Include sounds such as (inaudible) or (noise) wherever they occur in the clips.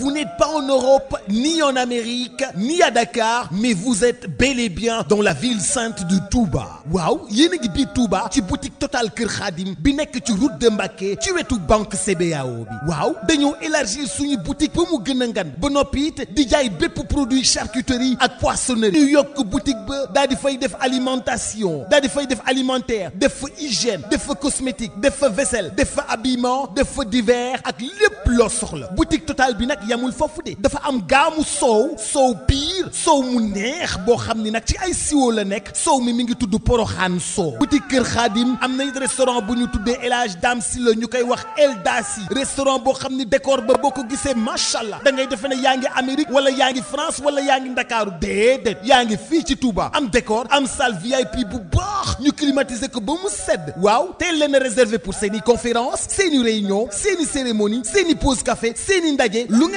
Vous n'êtes pas en Europe, ni en Amérique, ni à Dakar, mais vous êtes bel et bien dans la ville sainte de Touba. waaw yéen gi ngi biir Touba ci boutique Total Kër Khadim bi nekk ci route de Mbacké ci wetu banque CBAO bi waaw dañoo élargir suñu boutique ba mu gën ngan ba noppi it di jaay bépp produit charcuterie ak poissonnerie ñu yokk boutique ba daa di fay def alimentation daa di fay def alimentaire def fa hygiène def fa cosmétique def fa vaisselle def fa habillement def fa divers ak lépp loo soxla boutique bi nag yamul foofu de dafa am gaamu soow soow piir soow mu neex boo xam ni nag ci ay siwo la nekk soow mi mi ngi tudd poroxaan soow buti kër xaadim am nañ restaurant bu ñu tuddee El Hadj Dame si la ñu koy wax El Dasi restaurant boo xam ni décor ba boo ko gisee macha allah da ngay defe ne yaa ngi Amérique wala yaa ngi France wala yaa ngi Ndakaaru déedéet yaa ngi fii ci Touba am décor am salle VIP bu baax ñu climatiser ko ba mu sedd waaw teel leen a pour seeni conférence seeni réunion seeni cérémonie seeni pause café seeni ndaje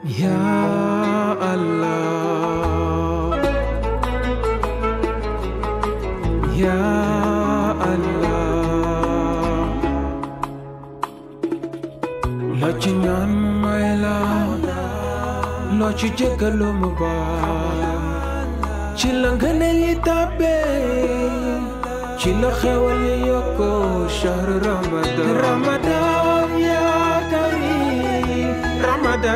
Ya Allah Ya Allah loo ci ñaan may la loo ci jéggalu mu baal ci la ngëneel yi tàbbee ci la xewal yi yokk shahru Ramadan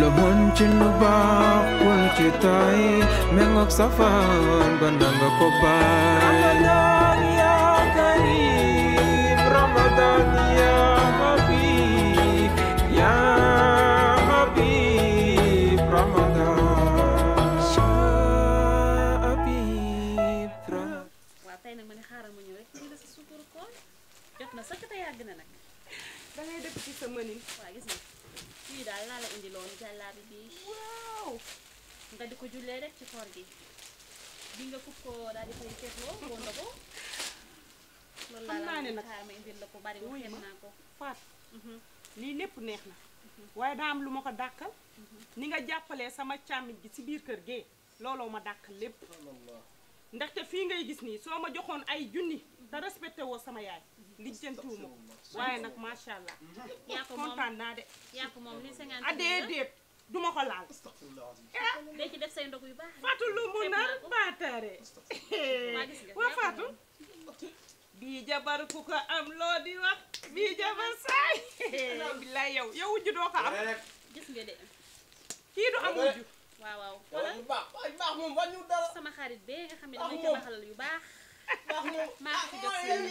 la mën ci lu baax wul ci tay mengook safaan ba nanga ko baay waaw tey nag ma ne xaaral ma ñëw rek ci la sa sukkur koor jot na sëkk te yàgg na (laughs) dangay def ci sa mënin. waaw gis nga daal laa la indiloon jàllaabi bi. di ko jullee rek ci koor gi. bi nga kub ko daal di koy seetloo boo (laughs) ndogu. naa ne nag ma indil ko bari naa ko. Faat mhm. lii lépp neex na. Mhm. waaye daa am lu ma ko dàkkal. Mhm. ni nga jàppalee sama càmmiñ gi ci biir kër gee. looloo ma dàkkal lépp. ndaxte fii ngay gis nii soo ma joxoon ay junni. te respecté woo sama yaay. lijjantiwuma waaye nag macha allah. Mhm. yaa ko moom kontaan naa de. yaa ko moom ko laal. Eh? da lu mu nar baataare. waa Fatou. bii jabar ku ko am loo di wax. bii jabar saay. bilaay yow yow wujju doo ko am. gis nga de. kii du am waaw waaw xoolal sama xarit bee nga xam ne dama ca yu baax. maa ko jox seen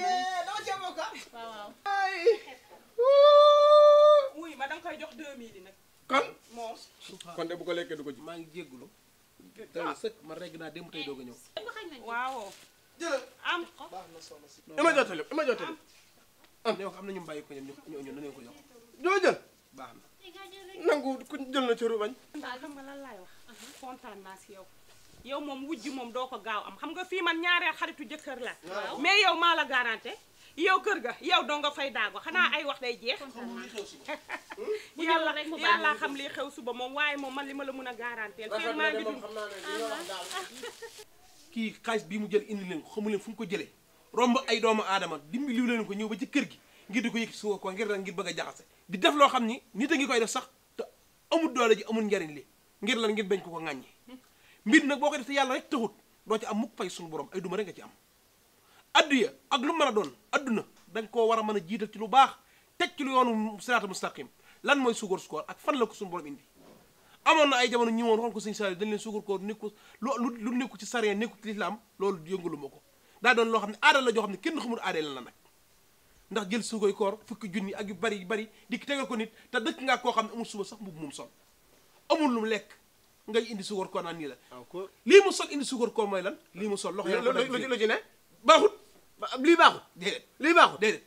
jox 2000 yi nag. kon moom. kon de bu ko lekkee du ko ji. maa ngi jégalu. dama ah. sëkk man reg naa démb tey doog a ñëw. waaw. jërëjëf am ko. dama jottali jot jottali. am ne ko am na ñu bàyyi ko ñoom ñu ñu ñu ko jox. doo jël baax na. nangu jël na ci rubañ. waaw xam nga lan laay wax. Uh-huh. naa si yow. yow moom wujj moom doo ko gaaw am xam nga fii man ñaareel xaritu jëkkër la mais yow maa la garanté yow kër ga yow doo nga fay daago xanaa ay wax day jeex (laughs) yàlla yàlla xam li xew suba moom waaye moom man li ma la mën a garanteel fii maa ngi dund (laughs) kii xaalis bi mu jël indi leen xamu leen fu mu ko jëlee romb ay doomu aadama dimbi liw leen ko ñëw ba ci kër gi ngir di ko yëg suuf ko ngir da ngir bëgg a jaxase di def loo xam ni nit a ngi koy def sax te amul doole ji amul njariñ li ngir lan ngir bañ ko ko ŋàññi mbir nag boo ko def te yàlla rek taxut doo ci am mukk fay suñu borom ay duma rek nga ci am adduya ak lu mën a doon adduna da nga koo war a mën a jiital ci lu baax teg ci lu yoonu siraatal mustaqim lan mooy suukar koor ak fan la ko suñu borom indi amoon na ay jamono ñi woon xool ko sëñ Saliou dañ leen suukar koor nekku lu lu nekku ci saree nekku ci lislaam loolu yëngalu ko daa doon loo xam ne aada la joo xam ne kenn xamul aada la nag ndax jël suukar koor fukki junni ak yu bari yu bari di tegal ko nit te dëkk ngaa koo xam ne amul suba sax mbubu moom sol amul lu mu lekk ngay indi suukar koo naan nii la. Ah, lii mu sol indi suukar koo mooy lan lii mu sol. loxo yaa ji ci ne baaxut. lii baaxut déedéet lii baaxut déedéet.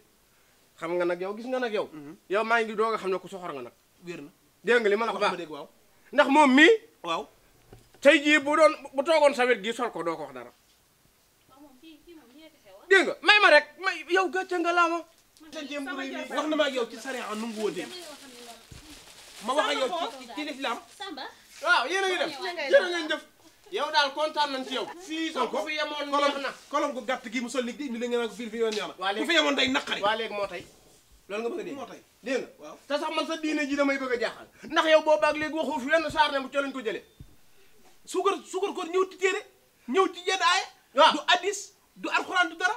xam nga nag yow gis nga nag yow. Mhm. yow maa ngi doog a xam ne ku soxor nga nag. wér na dégg nga li ma la ko baax waaw ndax moom mii. waaw ji jii bu doon bu toogoon sa wet sol ko doo ko wax dara. Ah. dégg nga may ma rek may yow gàcce nga laa ma. wax na ma ak yow ci sariya nu mu wóotee ma wax ak ci ci lislaam waaw yéen a ngi def jërë ngeen jëf yow daal kontaan nañ ci yow fii sax ku fi yemoon neex na kolom gu gàtt gi mu sol nit di indi la ngeen ko fii fi yoon neex na ku fi yemoon day naqari waa léegi moo tey loolu nga bëgg a dégg moo tey dégg nga waaw te sax man sa diine ji damay bëgg a jaaxal ndax yow boo baag léegi waxoo fi wenn saar ne bu ca lañ ko jëlee suukar suukar koor ñëw ci téere ñëw ci jëdaaya waaw du addis du alxuraan du dara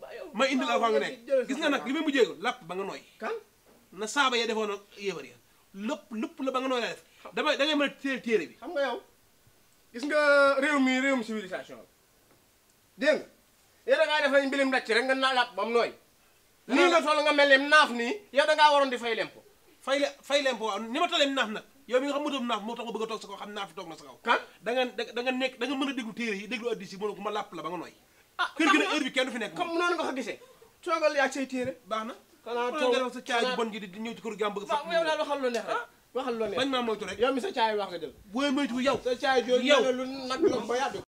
ma indi la fa nga nekk gis nga nag li may mujjee ko làpp ba nga nooy na saaba ya defoon ak yéefar ya lépp lépp la ba nga nooy la def damay da ngay mën a téere bi xam nga yow gis nga réew mi réewum mu nooy nii nga toll nga mel ne naaf nii ma tollee naaf nag yow mi nga xam motoom naaf moo tax ma bëgg a toog sa kaw xam naaf toog na sa kaw da nga nekk da nga mën a déglu téere yi déglu addi si mën ko ma làpp la ba nga nooy Ah, kër gi nag heure bi kenn du fi nekk. comme noonu nga ko gisee. toogal yaa ak say téere baax na. xanaa toog nga wax sa caay bon ji di ñëw ci kër gi am bëgg. waaw yow daal waxal lu neex rek. Ah. waxal lu neex bañ maa moytu rek. yow mi sa caay wax jël.